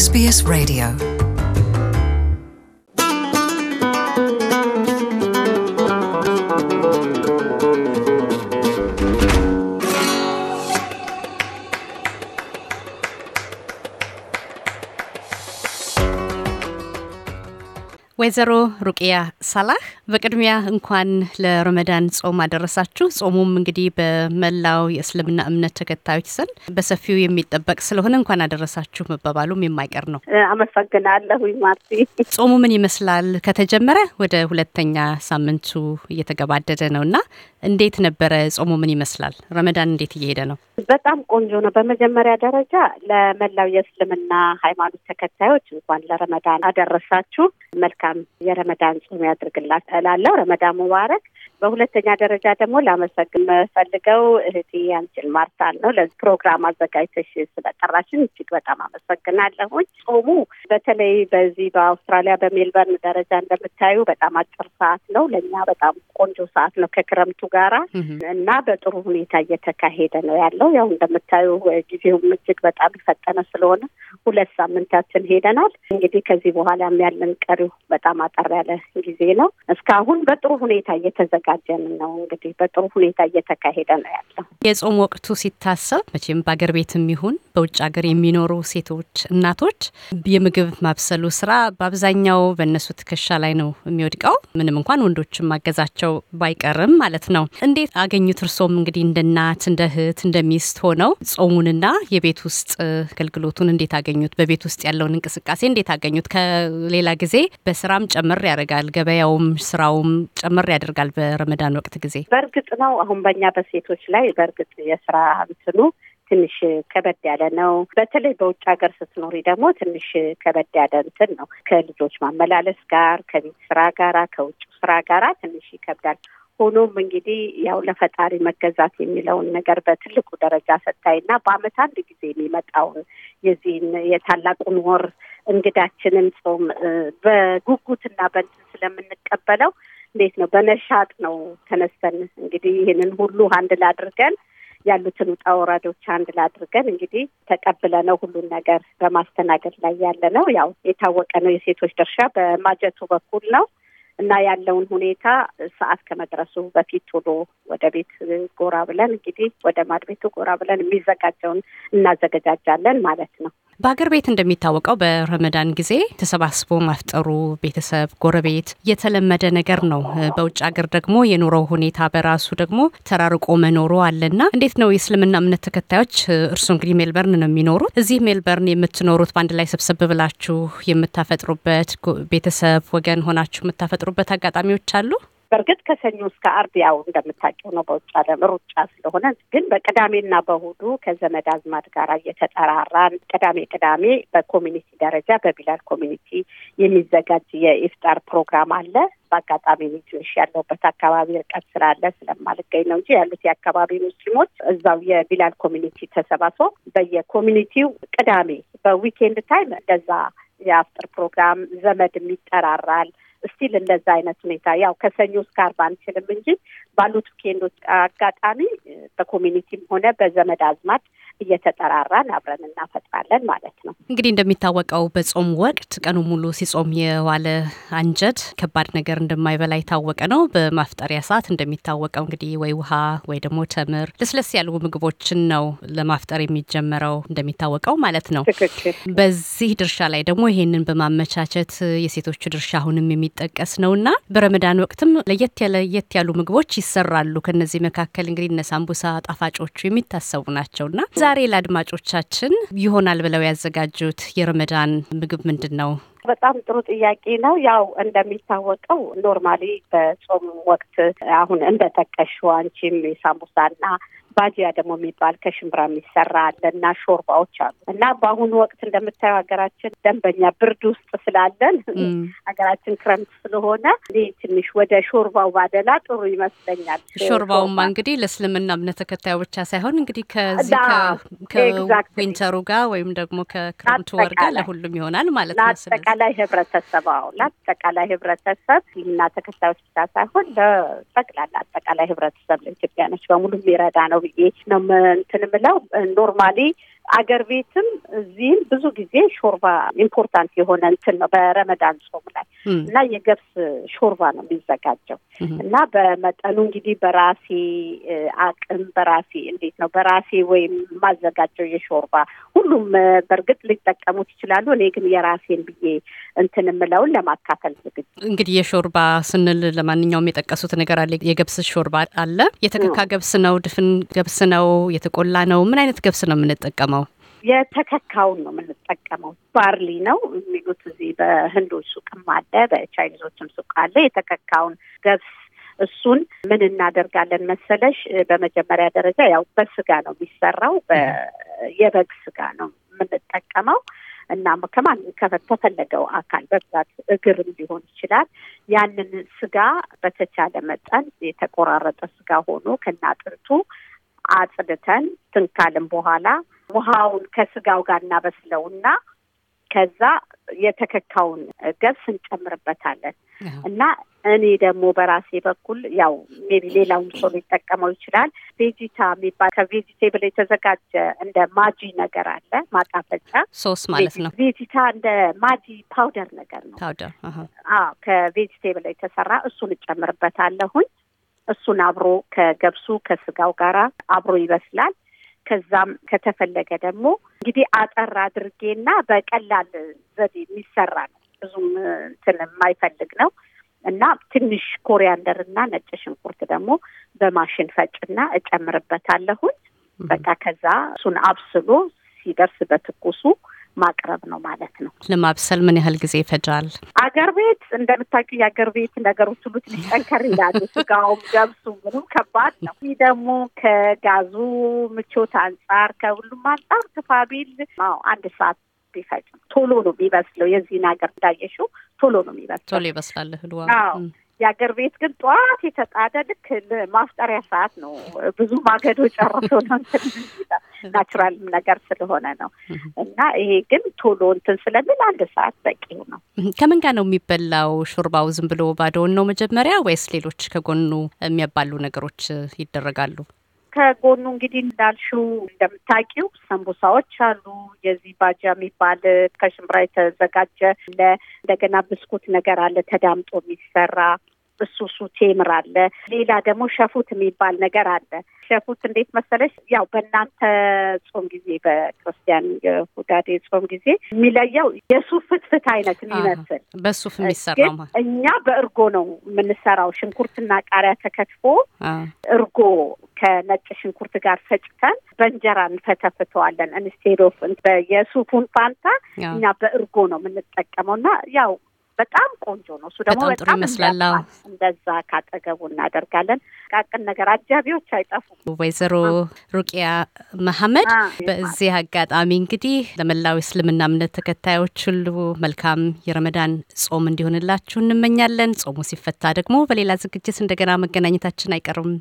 SBS Radio ወይዘሮ ሩቅያ ሳላህ በቅድሚያ እንኳን ለረመዳን ጾም አደረሳችሁ። ጾሙም እንግዲህ በመላው የእስልምና እምነት ተከታዮች ዘንድ በሰፊው የሚጠበቅ ስለሆነ እንኳን አደረሳችሁ መባባሉም የማይቀር ነው። አመሰግናለሁ ማርቲ። ጾሙ ምን ይመስላል? ከተጀመረ ወደ ሁለተኛ ሳምንቱ እየተገባደደ ነው እና እንዴት ነበረ? ጾሙ ምን ይመስላል? ረመዳን እንዴት እየሄደ ነው? በጣም ቆንጆ ነው። በመጀመሪያ ደረጃ ለመላው የእስልምና ሃይማኖት ተከታዮች እንኳን ለረመዳን አደረሳችሁ መልካም መልካም የረመዳን ጾም ያድርግላት እላለሁ። ረመዳን ሙባረክ። በሁለተኛ ደረጃ ደግሞ ላመሰግን የምፈልገው እህቴ ያንችን ማርታል ነው። ለዚህ ፕሮግራም አዘጋጅተሽ ስለጠራሽን እጅግ በጣም አመሰግናለሁኝ። ጾሙ በተለይ በዚህ በአውስትራሊያ በሜልበርን ደረጃ እንደምታዩ በጣም አጭር ሰዓት ነው። ለእኛ በጣም ቆንጆ ሰዓት ነው ከክረምቱ ጋራ እና በጥሩ ሁኔታ እየተካሄደ ነው ያለው። ያው እንደምታዩ ጊዜውም እጅግ በጣም የፈጠነ ስለሆነ ሁለት ሳምንታችን ሄደናል። እንግዲህ ከዚህ በኋላ ያለን ቀሪው በጣም አጠር ያለ ጊዜ ነው። እስካሁን በጥሩ ሁኔታ እየተዘጋ እየተዘጋጀን ነው። እንግዲህ በጥሩ ሁኔታ እየተካሄደ ነው ያለው። የጾም ወቅቱ ሲታሰብ መቼም በአገር ቤትም ይሁን በውጭ ሀገር የሚኖሩ ሴቶች እናቶች የምግብ ማብሰሉ ስራ በአብዛኛው በእነሱ ትከሻ ላይ ነው የሚወድቀው። ምንም እንኳን ወንዶችን ማገዛቸው ባይቀርም ማለት ነው። እንዴት አገኙት? እርሶም እንግዲህ እንደ እናት፣ እንደ እህት፣ እንደ ሚስት ሆነው ጾሙንና የቤት ውስጥ አገልግሎቱን እንዴት አገኙት? በቤት ውስጥ ያለውን እንቅስቃሴ እንዴት አገኙት? ከሌላ ጊዜ በስራም ጨምር ያደርጋል፣ ገበያውም ስራውም ጨምር ያደርጋል። በረመዳን ወቅት ጊዜ? በእርግጥ ነው አሁን በእኛ በሴቶች ላይ በእርግጥ የስራ እንትኑ ትንሽ ከበድ ያለ ነው። በተለይ በውጭ ሀገር ስትኖሪ ደግሞ ትንሽ ከበድ ያለ እንትን ነው። ከልጆች ማመላለስ ጋር፣ ከቤት ስራ ጋራ፣ ከውጭ ስራ ጋራ ትንሽ ይከብዳል። ሆኖም እንግዲህ ያው ለፈጣሪ መገዛት የሚለውን ነገር በትልቁ ደረጃ ሰታይና በአመት አንድ ጊዜ የሚመጣውን የዚህን የታላቁን ወር እንግዳችንን ጾም በጉጉትና በእንትን ስለምንቀበለው እንዴት ነው በመሻጥ ነው ተነስተን እንግዲህ ይህንን ሁሉ አንድ ላድርገን ያሉትን ውጣ ወረዶች አንድ ላድርገን እንግዲህ ተቀብለ ነው ሁሉን ነገር በማስተናገድ ላይ ያለ ነው። ያው የታወቀ ነው የሴቶች ድርሻ በማጀቱ በኩል ነው እና ያለውን ሁኔታ ሰዓት ከመድረሱ በፊት ቶሎ ወደ ቤት ጎራ ብለን እንግዲህ ወደ ማድቤቱ ጎራ ብለን የሚዘጋጀውን እናዘገጃጃለን ማለት ነው። በአገር ቤት እንደሚታወቀው በረመዳን ጊዜ ተሰባስቦ ማፍጠሩ ቤተሰብ፣ ጎረቤት የተለመደ ነገር ነው። በውጭ ሀገር ደግሞ የኑሮ ሁኔታ በራሱ ደግሞ ተራርቆ መኖሩ አለና እንዴት ነው የእስልምና እምነት ተከታዮች እርሱ እንግዲህ ሜልበርን ነው የሚኖሩት። እዚህ ሜልበርን የምትኖሩት በአንድ ላይ ሰብሰብ ብላችሁ የምታፈጥሩበት ቤተሰብ ወገን ሆናችሁ የምታፈጥሩበት አጋጣሚዎች አሉ? በእርግጥ ከሰኞ እስከ አርብ ያው እንደምታውቂው ነው በውጭ ዓለም ሩጫ ስለሆነ፣ ግን በቅዳሜና በእሁዱ ከዘመድ አዝማድ ጋር እየተጠራራን ቅዳሜ ቅዳሜ በኮሚኒቲ ደረጃ በቢላል ኮሚኒቲ የሚዘጋጅ የኢፍጣር ፕሮግራም አለ። በአጋጣሚ ትንሽ ያለሁበት አካባቢ እርቀት ስላለ ስለማልገኝ ነው እንጂ ያሉት የአካባቢ ሙስሊሞች እዛው የቢላል ኮሚኒቲ ተሰባስቦ በየኮሚኒቲው ቅዳሜ በዊኬንድ ታይም እንደዛ የአፍጥር ፕሮግራም ዘመድ የሚጠራራል ስቲል እንደዛ አይነት ሁኔታ ያው ከሰኞ እስከ አርባ አንችልም እንጂ ባሉት ኬንዶች አጋጣሚ በኮሚኒቲም ሆነ በዘመድ አዝማድ እየተጠራራን አብረን እናፈጥራለን ማለት ነው። እንግዲህ እንደሚታወቀው በጾም ወቅት ቀኑ ሙሉ ሲጾም የዋለ አንጀት ከባድ ነገር እንደማይበላ የታወቀ ነው። በማፍጠሪያ ሰዓት እንደሚታወቀው እንግዲህ ወይ ውሃ ወይ ደግሞ ተምር፣ ለስለስ ያሉ ምግቦችን ነው ለማፍጠር የሚጀመረው እንደሚታወቀው ማለት ነው። በዚህ ድርሻ ላይ ደግሞ ይሄንን በማመቻቸት የሴቶቹ ድርሻ አሁንም የሚጠቀስ እና በረመዳን ወቅትም ለየት ለየት ያሉ ምግቦች ይሰራሉ። ከነዚህ መካከል እንግዲህ እነ ሳምቡሳ ጣፋጮቹ የሚታሰቡ ናቸውና ዛሬ ለአድማጮቻችን ይሆናል ብለው ያዘጋጁት የረመዳን ምግብ ምንድን ነው? በጣም ጥሩ ጥያቄ ነው። ያው እንደሚታወቀው ኖርማሊ በጾም ወቅት አሁን እንደጠቀሹ አንቺም የሳምቡሳና ባጂያ ደግሞ የሚባል ከሽምብራ የሚሰራ አለ እና ሾርባዎች አሉ እና በአሁኑ ወቅት እንደምታየው ሀገራችን ደንበኛ ብርድ ውስጥ ስላለን ሀገራችን ክረምት ስለሆነ ይህ ትንሽ ወደ ሾርባው ባደላ ጥሩ ይመስለኛል። ሾርባውማ እንግዲህ ለእስልምና እምነት ተከታዩ ብቻ ሳይሆን እንግዲህ ከዚህ ከዊንተሩ ጋር ወይም ደግሞ ከክረምቱ ወር ጋር ለሁሉም ይሆናል ማለት ነው። ለአጠቃላይ ህብረተሰብ አሁ ለአጠቃላይ ህብረተሰብ እስልምና ተከታዮች ብቻ ሳይሆን ለጠቅላላ አጠቃላይ ህብረተሰብ ለኢትዮጵያኖች በሙሉ የሚረዳ ነው። ብዬ ነው እንትን የምለው ኖርማሊ አገር ቤትም እዚህም ብዙ ጊዜ ሾርባ ኢምፖርታንት የሆነ እንትን ነው በረመዳን ጾም ላይ እና የገብስ ሾርባ ነው የሚዘጋጀው እና በመጠኑ እንግዲህ በራሴ አቅም በራሴ እንዴት ነው በራሴ ወይም ማዘጋጀው የሾርባ ሁሉም በእርግጥ ሊጠቀሙት ይችላሉ። እኔ ግን የራሴን ብዬ እንትን የምለውን ለማካፈል ዝግጅ እንግዲህ የሾርባ ስንል ለማንኛውም የጠቀሱት ነገር አለ። የገብስ ሾርባ አለ። የተከካ ገብስ ነው፣ ድፍን ገብስ ነው፣ የተቆላ ነው። ምን አይነት ገብስ ነው የምንጠቀመው? የተከካውን ነው የምንጠቀመው። ባርሊ ነው የሚሉት እዚህ በህንዶች ሱቅም አለ፣ በቻይኒዞችም ሱቅ አለ። የተከካውን ገብስ እሱን ምን እናደርጋለን መሰለሽ? በመጀመሪያ ደረጃ ያው በስጋ ነው የሚሰራው፣ የበግ ስጋ ነው የምንጠቀመው እና ከማን ከተፈለገው አካል በብዛት እግርም ሊሆን ይችላል። ያንን ስጋ በተቻለ መጠን የተቆራረጠ ስጋ ሆኖ ከናጥርቱ አጽድተን ትንካልን በኋላ ውሃውን ከስጋው ጋር እናበስለው እና ከዛ የተከካውን ገብስ እንጨምርበታለን እና እኔ ደግሞ በራሴ በኩል ያው ሜቢ ሌላውን ሰው ሊጠቀመው ይችላል። ቬጂታ የሚባል ከቬጂቴብል የተዘጋጀ እንደ ማጂ ነገር አለ፣ ማጣፈጫ ሶስ ማለት ነው። ቬጂታ እንደ ማጂ ፓውደር ነገር ነው። ፓውደር አዎ፣ ከቬጂቴብል የተሰራ እሱን እጨምርበታለሁኝ። እሱን አብሮ ከገብሱ ከስጋው ጋራ አብሮ ይበስላል። ከዛም ከተፈለገ ደግሞ እንግዲህ አጠር አድርጌና በቀላል ዘዴ የሚሰራ ነው። ብዙም እንትን የማይፈልግ ነው እና ትንሽ ኮሪያንደር እና ነጭ ሽንኩርት ደግሞ በማሽን ፈጭና እጨምርበታለሁኝ። በቃ ከዛ እሱን አብስሎ ሲደርስ በትኩሱ ማቅረብ ነው ማለት ነው። ለማብሰል ምን ያህል ጊዜ ይፈጃል? አገር ቤት እንደምታውቂው የአገር ቤት ነገሮች ሁሉ ትንሽ ጠንከር ይላሉ። ስጋውም፣ ገብሱ ምንም ከባድ ነው። ይህ ደግሞ ከጋዙ ምቾት አንጻር ከሁሉም አንጻር ትፋቢል አንድ ሰዓት ቢፈጅም ቶሎ ነው የሚበስለው። የዚህን ሀገር እንዳየሽው ቶሎ ነው የሚበስለው። ቶሎ ይበስላል። የአገር ቤት ግን ጠዋት የተጣደ ልክ ማፍጠሪያ ሰዓት ነው። ብዙ ማገዶ ጨርሶ ነው ነገር ስለሆነ ነው። እና ይሄ ግን ቶሎ እንትን ስለሚል አንድ ሰዓት በቂ ነው። ከምን ጋር ነው የሚበላው ሹርባው? ዝም ብሎ ባዶውን ነው መጀመሪያ ወይስ ሌሎች ከጎኑ የሚያባሉ ነገሮች ይደረጋሉ? ከጎኑ እንግዲህ እንዳልሽው እንደምታውቂው ሰንቡሳዎች አሉ። የዚህ ባጃ የሚባል ከሽምብራ የተዘጋጀ እንደገና ብስኩት ነገር አለ ተዳምጦ የሚሰራ እሱ ቴምር አለ። ሌላ ደግሞ ሸፉት የሚባል ነገር አለ። ሸፉት እንዴት መሰለሽ፣ ያው በእናንተ ጾም ጊዜ በክርስቲያን የሁዳዴ ጾም ጊዜ የሚለየው የሱፍ ፍትፍት አይነት የሚመስል በሱፍ የሚሰራው እኛ በእርጎ ነው የምንሰራው። ሽንኩርትና ቃሪያ ተከትፎ እርጎ ከነጭ ሽንኩርት ጋር ፈጭተን በእንጀራ እንፈተፍተዋለን። እንስቴዶፍ የሱፉን ፋንታ እኛ በእርጎ ነው የምንጠቀመው እና ያው በጣም ቆንጆ ነው። እሱ ደግሞ በጣም ይመስላል። እንደዛ ካጠገቡ እናደርጋለን። ቃቅን ነገር አጃቢዎች አይጠፉም። ወይዘሮ ሩቅያ መሐመድ፣ በዚህ አጋጣሚ እንግዲህ ለመላው እስልምና እምነት ተከታዮች ሁሉ መልካም የረመዳን ጾም እንዲሆንላችሁ እንመኛለን። ጾሙ ሲፈታ ደግሞ በሌላ ዝግጅት እንደገና መገናኘታችን አይቀርም።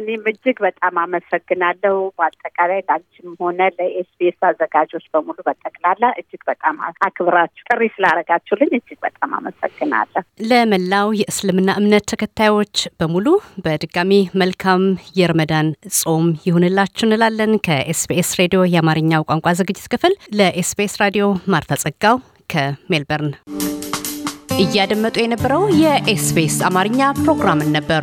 እኔም እጅግ በጣም አመሰግናለሁ። በአጠቃላይ ለአንቺም ሆነ ለኤስቢኤስ አዘጋጆች በሙሉ በጠቅላላ እጅግ በጣም አክብራችሁ ጥሪ ስላረጋችሁልኝ እጅግ በጣም አመሰግናለሁ። ለመላው የእስልምና እምነት ተከታዮች በሙሉ በድጋሚ መልካም የረመዳን ጾም ይሁንላችሁ እንላለን። ከኤስቢኤስ ሬዲዮ የአማርኛው ቋንቋ ዝግጅት ክፍል ለኤስቢኤስ ራዲዮ ማርፈ ጸጋው ከሜልበርን እያደመጡ የነበረው የኤስቢኤስ አማርኛ ፕሮግራምን ነበር።